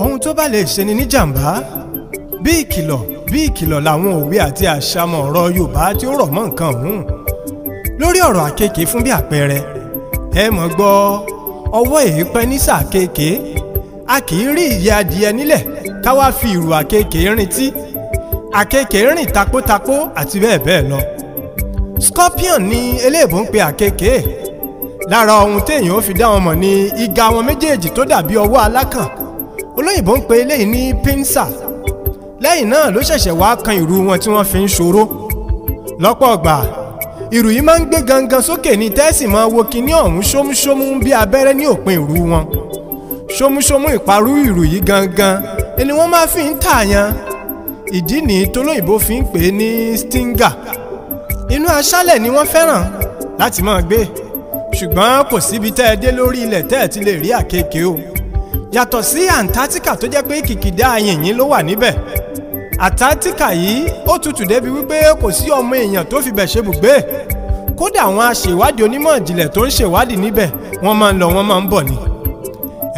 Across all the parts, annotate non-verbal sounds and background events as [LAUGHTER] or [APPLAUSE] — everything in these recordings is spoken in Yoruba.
ohun tó bá lè ṣe ni níjàmbá bí ìkìlọ̀ bí ìkìlọ̀ làwọn òwe àti àṣàmọ̀ ọ̀rọ̀ Yorùbá tí ó rọ̀ mọ́ nǹkan ọ̀hún lórí ọ̀rọ̀ àkekèé fún bí àpẹẹrẹ ẹ mọ̀ gbọ́ ọwọ́ èépẹ́ ní sáà kéèké a kì í rí ìyẹ́ adìẹ nílẹ̀ ká wá fi ìrù àkekèé rìn tí àkekèé rìn takótakó àti bẹ́ẹ̀ bẹ́ẹ̀ lọ scorpion ni eléèbó ń pe àkekèé lára ohun téèyàn ó fi dá wọn mọ̀ ni ìgá wọn méjèèjì tó dàbí ọwọ́ alákàn olóyìnbó ń pe eléyìí ní pinsa lẹ́yìn náà ló ṣẹ̀ṣẹ̀ wá kan ìrù wọn tí wọ́n fi ń ṣòro lọ́pọ̀ ọgbà ìrù yìí máa ń gbé gangan sókè ní tẹ́sì máa wo kinní ọ̀hún ṣómúṣómú bí abẹ́rẹ́ ní òpin ìrù wọn ṣómúṣómú ìparú ìrù yìí gangan ni wọ́n máa fi ń tààyàn ìdí nìyí tólóyìnbó fi ń pè é ní stinger inú aṣálẹ̀ ni wọ́n fẹ́ràn láti máa gbé ṣùgbọ́n kò síbi tẹ́ ẹ dé lórí ilẹ̀ tẹ́ ẹ ti lè rí àkekèé o yàtọ̀ sí Antarctica tó jẹ́ pé kìkìdá yìnyín ló wà níbẹ̀ Antarctica yìí ó tutù débi wípé kò sí ọmọ èèyàn tó fi bẹ̀ ṣe bùgbé kódà àwọn aṣèwádìí onímọ̀ ìjìnlẹ̀ tó ń ṣèwádìí níbẹ̀ wọ́n máa ń lọ wọ́n máa ń bọ̀ ni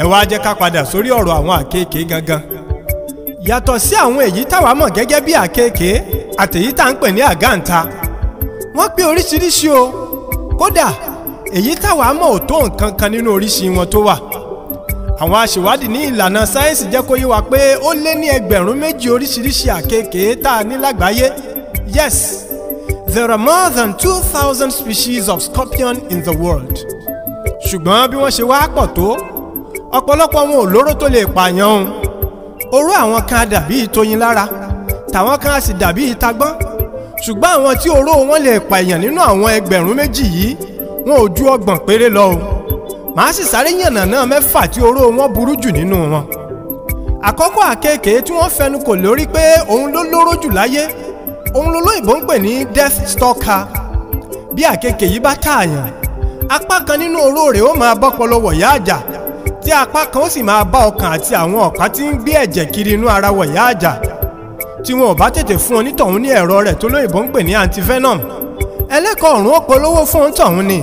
ẹ wá jẹ́ ká padà sórí ọ̀rọ̀ àwọn àkekèé gangan yàtọ̀ sí àwọn èyí táwa mọ̀ gẹ́gẹ́ bí àkekèé àtèyí tá ń pè ní àgáǹta wọ́n pé oríṣiríṣi o kódà èyí táwa mọ̀ ò tó nǹkan kan nínú oríṣi wọn tó wà àwọn aṣèwádìí ní ìlànà sáyẹ́ǹsì jẹ́ kó yé wa pé ó lé ní ẹgbẹ̀rún méjì oríṣiríṣi àkekèé tá a ní lágbàáyé yes there are more than two thousand species of scorpion in the world ṣùgbọ́n bí wọ́n ṣe wá pọ̀ tó ọ̀pọ̀lọpọ̀ wọn ò lóró tó lè pààyàn òun oró àwọn kan dàbí ìtoyin lára tàwọn kan sì dàbí ìtagbọ́n ṣùgbọ́n àwọn tí oró wọn lè pààyàn nínú àwọn ẹgbẹ̀rún méjì yìí wọn ò ju ọgbọ̀n péré lọ o màá sì sáré yànnàná mẹ́fà tí oró wọn burú jù nínú wọn. àkọ́kọ́ àkekèé tí wọ́n fẹnu kò lórí pé òun ló lóró jù láyé òun lolóyìnbó ń pè ní death stalker bí àkekèé yìí bá tààyàn apá kan nínú oró rẹ̀ ó máa bọ́pọlọ wọ̀yá àjà tí apá kan ó sì máa bá ọkàn àti àwọn ọ̀pá tí ń gbé ẹ̀jẹ̀ kiri inú ara wọ̀yá àjà tí wọn ò bá tètè fún onítọ̀hún ní ẹ̀rọ rẹ̀ tó lóyìnbó ń pè ní antivenom ẹlẹ́kọ̀ọ́ ọ̀run ó fún onítọ̀hún ni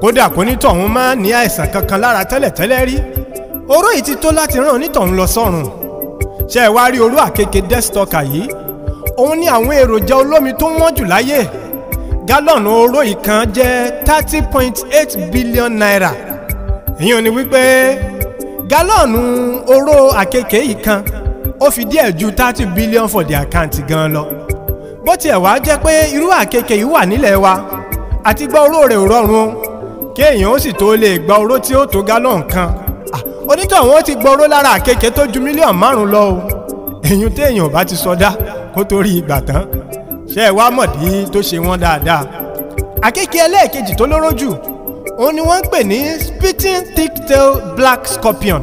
kódà kò nítọ̀hún máa ní àìsàn kankan lára tẹ́lẹ̀tẹ́lẹ̀ rí oró yìí ti tó láti rán onítọ̀hún lọ sọ́run ṣe é wá rí oró àkekèé dẹ́sítọ́kà yìí òun ní àwọn èròjà olómi tó wọ́n jù láyé gálọ̀nù oró yìí kan jẹ́ thirty point eight billion naira ìyẹn ni wípé gálọ̀nù oró àkekèé yìí kan ó fi díẹ̀ ju thirty billion for the account gan lọ bó tiẹ̀ wá jẹ́ pé irú àkekèé yìí wà nílẹ̀ wa àti gbọ́ oró rẹ̀ ò rọrùn o kéèyàn ó sì tó lè gba oró tí ó tó gálọ̀n kan ah, onítọ̀hún ó ti gba oró lára àkekèé tó ju mílíọ̀nù márùn-ún lọ o èyí téèyàn bá ti sọdá kó tó rí ìgbà tán ṣé ẹ wá mọ̀dí tó ṣe wọ́n dáadáa àkekèé ẹlẹ́ẹ̀kejì tó lóró jù òun ni wọ́n ń pè ní spitting thick-tail black scorpion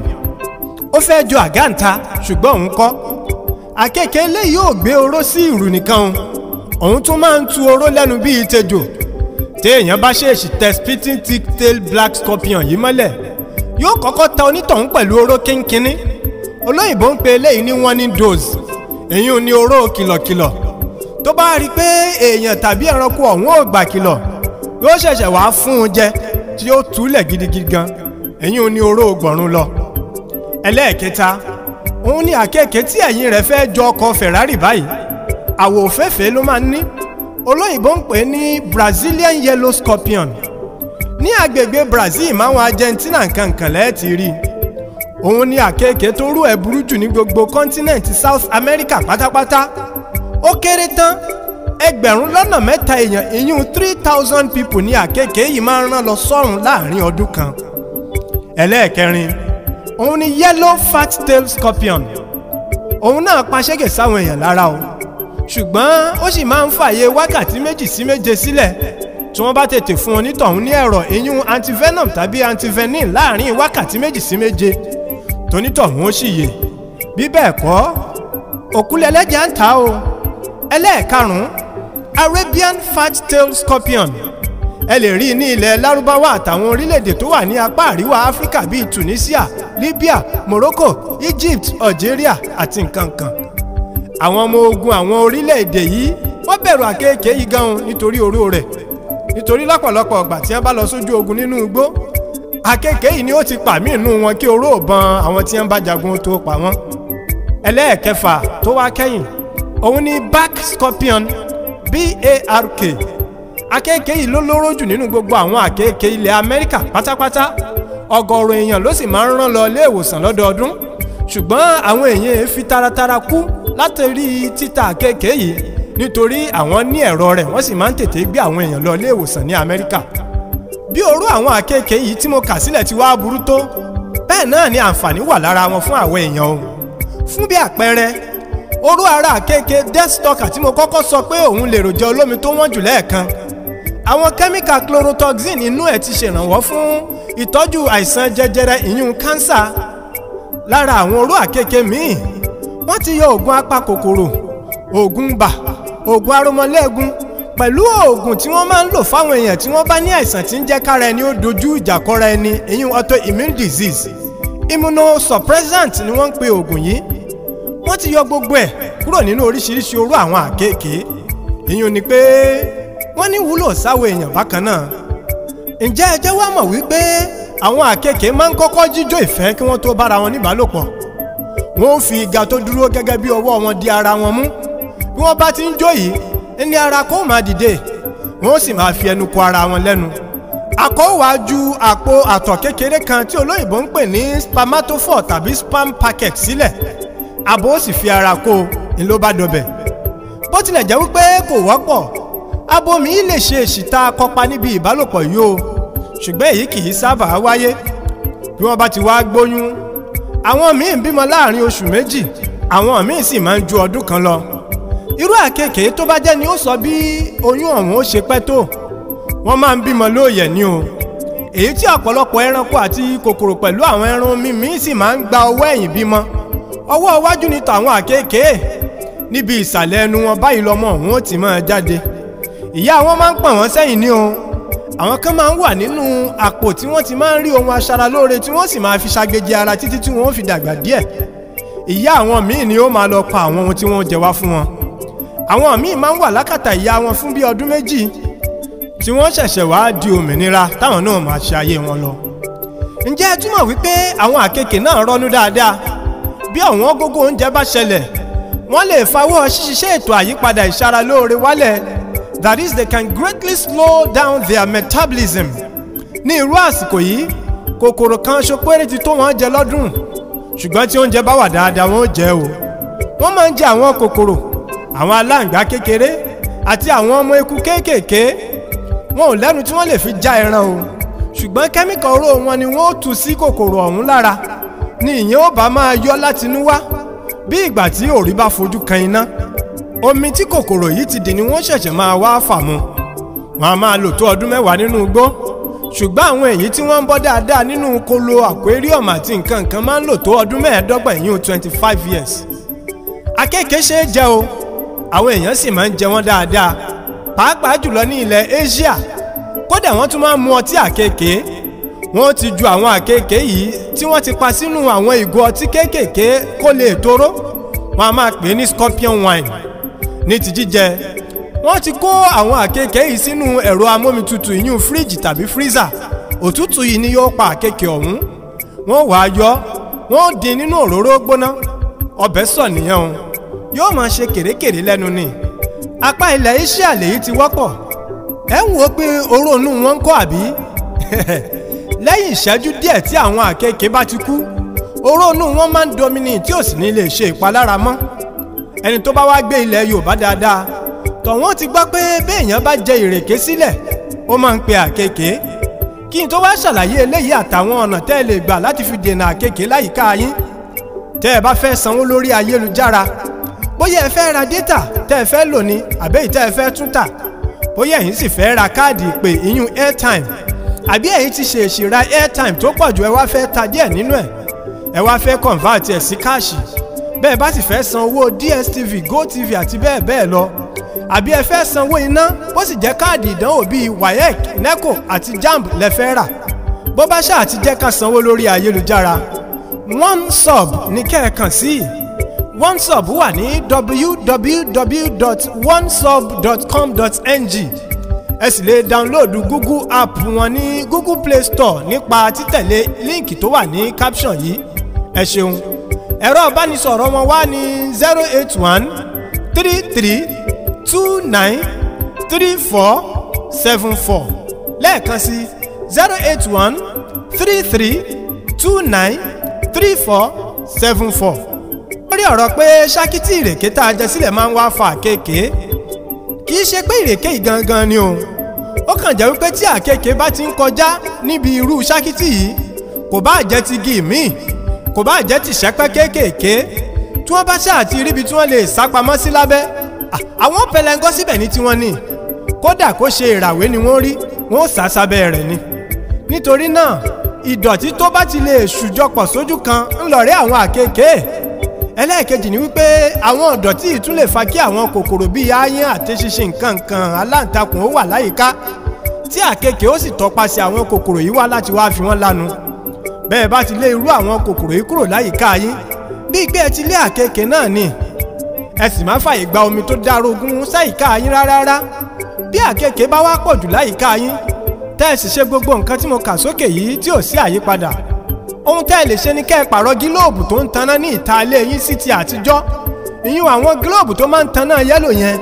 ó fẹ́ jọ àgáǹta ṣùgbọ́n òun kọ́ àkekèé eléyìí ò gbé oró sí ìrù nìkan òun tún máa ń tu oró lẹ́nu bíi tejò téèyàn bá ṣèèṣì tẹ spitting thick tail black scorpion yìí mọ́lẹ̀ yóò kọ́kọ́ ta onítọ̀hún pẹ̀lú oró kínkínní olóyìnbó ń pe eléyìí ní warning dose èyí ò ní oró kìlọ̀kìlọ̀ tó bá rí i pé èèyàn tàbí ẹranko ọ̀hún ò gbà kìlọ̀ yóò ṣẹ̀ṣẹ̀ wá fún un jẹ tí ó túlẹ̀ gidigidi gan èyí ò ní oró gbọ̀run lọ ẹlẹ́ẹ̀kẹta òun ni àkekèé tí ẹ̀yìn rẹ̀ fẹ́ jọ ọkọ̀ Ferrari báyìí àwòfẹ́fẹ́ ló máa ń ní olóyìnbó ń pè ní Brazilian yellow scorpion ní agbègbè Brazil máwọn Argentina nkankan lẹ́ẹ̀tì rí òun ni àkekèé tó rú ẹ̀ burú jù ní gbogbo continent South America pátápátá ó kéré tán ẹgbẹ̀rún lọ́nà mẹ́ta èèyàn ìyún three thousand people ní àkekèé yìí máa ń rán lọ sọ́run láàrin ọdún kan ẹlẹ́ẹ̀kẹrin òun ni yellow fat tail scorpion òun náà pa ṣẹ́gẹ̀ sáwọn èèyàn lára o ṣùgbọ́n ó sì máa ń fààyè wákàtí méjì sí méje sílẹ̀ tí wọ́n bá tètè fún onítọ̀hún ní ẹ̀rọ eyín antivenom tàbí antivenin láàrin wákàtí méjì sí méje tonítọ̀hún ó sì yè bí bẹ́ẹ̀ kọ́ òkúlẹ̀lẹ́jà ń ta o ẹlẹ́ẹ̀karùn-ún Arabian fat tail scorpion ẹ lè rí i ní ilẹ̀ lárúbáwá àtàwọn orílẹ̀-èdè tó wà ní apá àríwá áfíríkà bíi Tunisia Libya Morocco Egypt Algeria àti nǹkan kan àwọn ọmọ ogun àwọn orílẹ̀-èdè yìí wọ́n bẹ̀rù àkekèé yìí gan-an nítorí oró rẹ̀ nítorí lọ́pọ̀lọpọ̀ ọgbà tí wọ́n bá lọ sójú ogun nínú igbó àkekèé yìí ni ó ti pàmí inú wọn kí oró ìbọn àwọn tí wọ́n bá jagun tó pa wọ́n ẹlẹ́ẹ̀kẹfà tó wá kẹ́yìn òun ni bark scorpion bark àkekèé yìí ló lóró jù nínú gbogbo àwọn àkekèé ilẹ̀ Amẹ́ríkà pátápátá ọ̀gọ̀rọ̀ èèyàn ló sì máa ń rán lọ ilé ìwòsàn lọ́dọọdún ṣùgbọ́n àwọn èèyàn fi taratara kú látàrí títa kéèké yìí nítorí àwọn ní ẹ̀rọ rẹ̀ wọ́n sì máa ń tètè gbé àwọn èèyàn lọ ilé ìwòsàn ní Amẹ́ríkà bí orú àwọn àkéèké yìí tí mo kà sílẹ̀ ti wá burú tó bẹ́ẹ̀ náà ni àǹfààní wà lára wọn fún àwọn èèyàn o fún bí àpẹẹrẹ orú ara àkéèké deathstalker tí mo kọ́kọ́ sọ pé òun lè ròjọ́ olómi tó wọ́n jù lẹ́ẹ̀kan àwọn kẹ́míkà chlorotoxin inú ẹ̀ ti ṣèrànwọ́ fún ìtọ́jú àìsàn jẹjẹrẹ ìyún kánsà lára àwọn oró àkekèé míì wọ́n ti yọ oògùn apakòkòrò oògùn bà oògùn aromọléegun pẹ̀lú oògùn tí wọ́n máa ń lò fáwọn èèyàn tí wọ́n bá ní àìsàn tí ń jẹ́ kára ẹni ó dojú ìjà kọra ẹni ìyún autoimmune disease immunosuppressant ni wọ́n ń pe oògùn yìí wọ́n ti yọ gbogbo ẹ̀ kúrò nínú oríṣiríṣi oró àwọn àkekèé ìyún ni pé wọ́n ní wúlò sáwọn èèyàn bákan náà ǹjẹ́ ẹ jẹ́ mọ̀ wípé àwọn àkekèé máa ń kọ́kọ́ jíjó ìfẹ́ kí wọ́n tó bára wọn níbálòpọ̀ wọ́n ó fi ìga tó dúró gẹ́gẹ́ bí ọwọ́ wọn di ara wọn mú bí wọ́n bá ti ń jó yìí ẹni ara kó máa dìde wọ́n sì máa fi ẹnu kọ ara wọn lẹ́nu akọ́wájú àpò àtọ̀ kékeré kan tí olóyìnbó ń pè ní spermatophore tàbí sperm packet sílẹ̀ abo ó sì fi ara kó o ni ló bá dọbẹ̀ bó tilẹ̀ jẹ́ wípé kò wọ́pọ̀ abo mi lè ṣe èṣìta akọpa níbi ìbálòpọ̀ yìí o ṣùgbọ́n èyí kì í sábà wáyé bí wọ́n bá ti wá gbóyún àwọn míì ń bímọ láàrin oṣù méjì àwọn míì sì máa ń ju ọdún kan lọ irú àkekè tó bá jẹ́ ni ó sọ bí oyún ọ̀hún ó ṣe pẹ́ tó wọ́n máa ń bímọ lóòyẹ̀ ni o èyí tí ọ̀pọ̀lọpọ̀ ẹranko àti kòkòrò pẹ̀lú àwọn ẹran mímí sì máa ń gba ọwọ́ ẹ̀yìn bímọ ọwọ́ iwájú ni tàwọn àkekè níbi ìsàlẹ̀ ẹnu wọn báyìí lọmọ ọ̀hún ó ti máa jáde ìyá wọn máa ń pọ̀n wọ́n sẹ́yìn ní o àwọn kan máa ń wà nínú àpò tí wọ́n ti máa ń rí ohun aṣaralóore tí wọ́n sì máa fi ṣàgbéjì ara títí tí wọ́n fi dàgbà díẹ̀ ìyá àwọn míì ni ó máa lọ pa àwọn ohun tí wọ́n jẹ wá fún wọn àwọn míì máa ń wà lákàtà ìyá wọn fún bí ọdún méjì tí wọ́n ṣẹ̀ṣẹ̀ wá di òmìnira táwọn náà máa ṣe ayé wọn lọ ǹjẹ́ ẹ túmọ̀ wípé àwọn àkekè náà rọ́nú dáadáa bí ọ̀wọ́n gógó oúnjẹ bá ṣẹlẹ̀ wọ́n lè fawọ́ ṣíṣiṣẹ́ ètò àyípadà ìṣaralóore wálẹ̀ that is they can greatly slow down their metabolism ní irú àsìkò yìí kòkòrò kan ṣo péré ti tó wọn jẹ lọ́dún ṣùgbọ́n tí oúnjẹ bá wà dáadáa wọn ò jẹ o wọ́n máa ń jẹ àwọn kòkòrò àwọn aláǹgbá kékeré àti àwọn ọmọ eku kéékèèké wọn ò lẹ́nu tí wọ́n lè fi já ẹran o ṣùgbọ́n kẹ́míkà oró wọn ni wọ́n ó tu sí kòkòrò ọ̀hún lára ni ìyẹn ó bá máa yọ látinú wá bí ìgbà tí òrí bá fojú kan iná omi tí kòkòrò yìí ti dì ni wọ́n ṣẹ̀ṣẹ̀ máa wá fà mu wọ́n á máa lò tó ọdún mẹ́wàá nínú igbó ṣùgbọ́n àwọn èyí tí wọ́n ń bọ́ dáadáa nínú kolo aquarium àti nǹkan nǹkan máa ń lò tó ọdún mẹ́ẹ̀ẹ́dọ́gbọ̀n ìyún twenty five years akéèké ṣe é jẹ o àwọn èèyàn sì máa ń jẹ wọ́n dáadáa pàápàá jùlọ ní ilẹ̀ Asia kódà wọ́n tún máa ń mu ọtí àkéèké wọ́n ti ju àwọn àkéèké yìí tí wọ́n ti pa sínú àwọn ìgò ọtí kéékèèké kó lè toró wọ́n á máa pè é ní scorpion wine ní ti jíjẹ wọ́n ti kó àwọn àkekèé yìí sínú ẹ̀rọ amómitutù ìyún fíríjì tàbí fírísà òtútù yìí ni yóò pa àkekèé ọ̀hún wọ́n wàá yọ wọ́n dín nínú òróró gbóná ọbẹ̀ sọ nìyẹn o yóò máa ṣe kèrèkèrè lẹ́nu ni apá ilẹ̀ Asia lèyí ti wọ́pọ̀ ẹ̀ ń wo pé oró wọn ń kọ́ àbí [LAUGHS] lẹ́yìn ìṣẹ́jú díẹ̀ tí àwọn àkekèé bá ti kú oró wọn máa ń domini tí ò sì ní lè ṣe ìpalára mọ́ ẹni tó bá wá gbé ilẹ̀ Yorùbá dáadáa tọ̀wọ́n ti gbọ́ pé béèyàn bá jẹ ìrèké sílẹ̀ ó máa ń pe àkekèé kí n tó wá ṣàlàyé eléyìí àtàwọn ọ̀nà tẹ́ ẹ lè gbà láti fi dènà àkekèé láyìíká yín tẹ́ ẹ bá fẹ́ sanwó lórí ayélujára bóyá ẹ fẹ́ ra dátà tẹ́ ẹ fẹ́ lò ní àbẹ́yìí tẹ́ ẹ fẹ́ tún tà bóyá ẹ̀yin sì fẹ́ ra káàdì ìpè ìyún airtime àbí ẹ̀yin ti ṣèèṣì ra airtime tó pọ̀ jù ẹ wá fẹ́ ta díẹ̀ nínú ẹ̀ ẹ wá fẹ́ convert ẹ̀ sí káàṣì bẹ́ẹ̀ bá sì fẹ́ san owó DSTV GoTV àti bẹ́ẹ̀ bẹ́ẹ̀ lọ àbí ẹ fẹ́ sanwó iná bó sì jẹ́ káàdì ìdánwò bíi WAEC NECO àti JAMB lẹ́fẹ́ rà bó bá ṣáà ti jẹ́ ká sanwó lórí ayélujára OneSub ní kẹ́ẹ̀kan sí i OneSub wà ní www.onesub.com.ng ẹ sì lè dáńlóòdù Google app wọn ní Google Play Store nípa títẹ̀lé líǹkì tó wà ní caption yìí ẹ ṣeun ẹ̀rọ ìbánisọ̀rọ̀ wọn wà ní zero eight one three three two nine three four seven four lẹ́ẹ̀kan sí zero eight one three three two nine three four seven four lórí ọ̀rọ̀ pé ṣákítì ìrèké tá a jẹ sílẹ̀ máa ń wá fa àkekèé kì í ṣe pé ìrèké yìí gangan ni o ó kàn jẹ́ wípé tí àkekèé bá ti ń kọjá níbi irú ṣákítì yìí kò bá jẹ́ ti gi míì kò bá jẹ́ ti sẹ́pẹ́ kéékèèké tí wọ́n bá ṣáà ti ríbi tí wọ́n lè sá pamọ́ sí lábẹ́ àwọn pẹlẹngọ́ síbẹ̀ ní tiwọn ni kódà kó ṣe ìràwé ni wọ́n rí wọ́n sá sábẹ́ rẹ̀ ni nítorí náà ìdọ̀tí tó bá ti lè ṣùjọpọ̀ sójú kan ńlọrẹ́ àwọn àkekèé ẹlẹ́ẹ̀kejì ni wípé àwọn ìdọ̀tí yìí tún lè fa kí àwọn kòkòrò bíi aáyán àti ṣinṣin nǹkankan aláǹtakùn ó wà láyìíká tí àkekèé ó sì tọpasẹ̀ àwọn kòkòrò yìí wá láti wá fi wọ́n lanu bẹ́ẹ̀ bá ti lé irú àwọn kòkòrò yìí kúrò láyìíká yín bí ìgbẹ́ ẹ ti lé àkekè náà ni ẹ sì má fàyè gba omi tó dárógún sáyìíká yín rárá bí àkekè bá wá pọ̀ jù láyìíká yín tẹ́ ẹ sì ṣe gbogbo nǹkan tí mo kà sókè yìí tí ò sí àyípadà ohun tẹ́ ẹ lè ṣe ni kẹ́ ẹ pààrọ̀ gílóòbù tó ń taná ní ìta ilé yín sí ti àtijọ́ ìyún àwọn gílóòbù tó máa ń taná yẹ́lò yẹn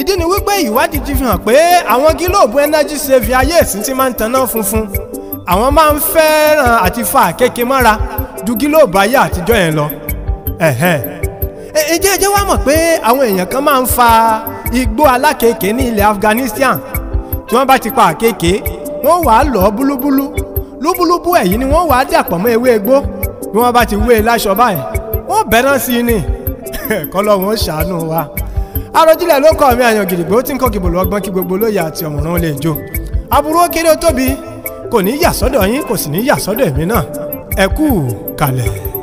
ìdí ni wípé ìwádìí ti fi hàn pé àwọn gílóòbù energy saving ayé ìsìn ti máa ń taná funfun àwọn máa ń fẹ́ràn àti fa àkekèé mọ́ra ju gílóòbù ayé àtijọ́ yẹn lọ e, ǹjẹ́ ẹjẹ́ wá mọ̀ pé àwọn èèyàn kan máa ń fa igbó alákèéké ní ilẹ̀ Afghanistan tí wọ́n bá ti pa àkekèé wọ́n wàá lọ̀ ọ́ búlúbúlú lúbúlúbú ẹ̀yìn ni wọ́n wàá dàpọ̀ mọ́ ewé egbò bí wọ́n bá ti wé e láṣọ báyìí wọ́n bẹ̀rẹ̀ sí i ni [LAUGHS] kọ́lọ́ wọn ṣàánú wa Àròjinlẹ̀ ló kọ́ mi àyàn gidigbo tí ń kọ́ gìbò lọ́gbọ́n kí gbogbo lóye àti ọ̀mọ̀ràn lè jó aburú kéré ó tóbi kò ní yà sọ́dọ̀ yín kò sì ní yà sọ́dọ̀ èmi náà ẹ kú kalẹ̀.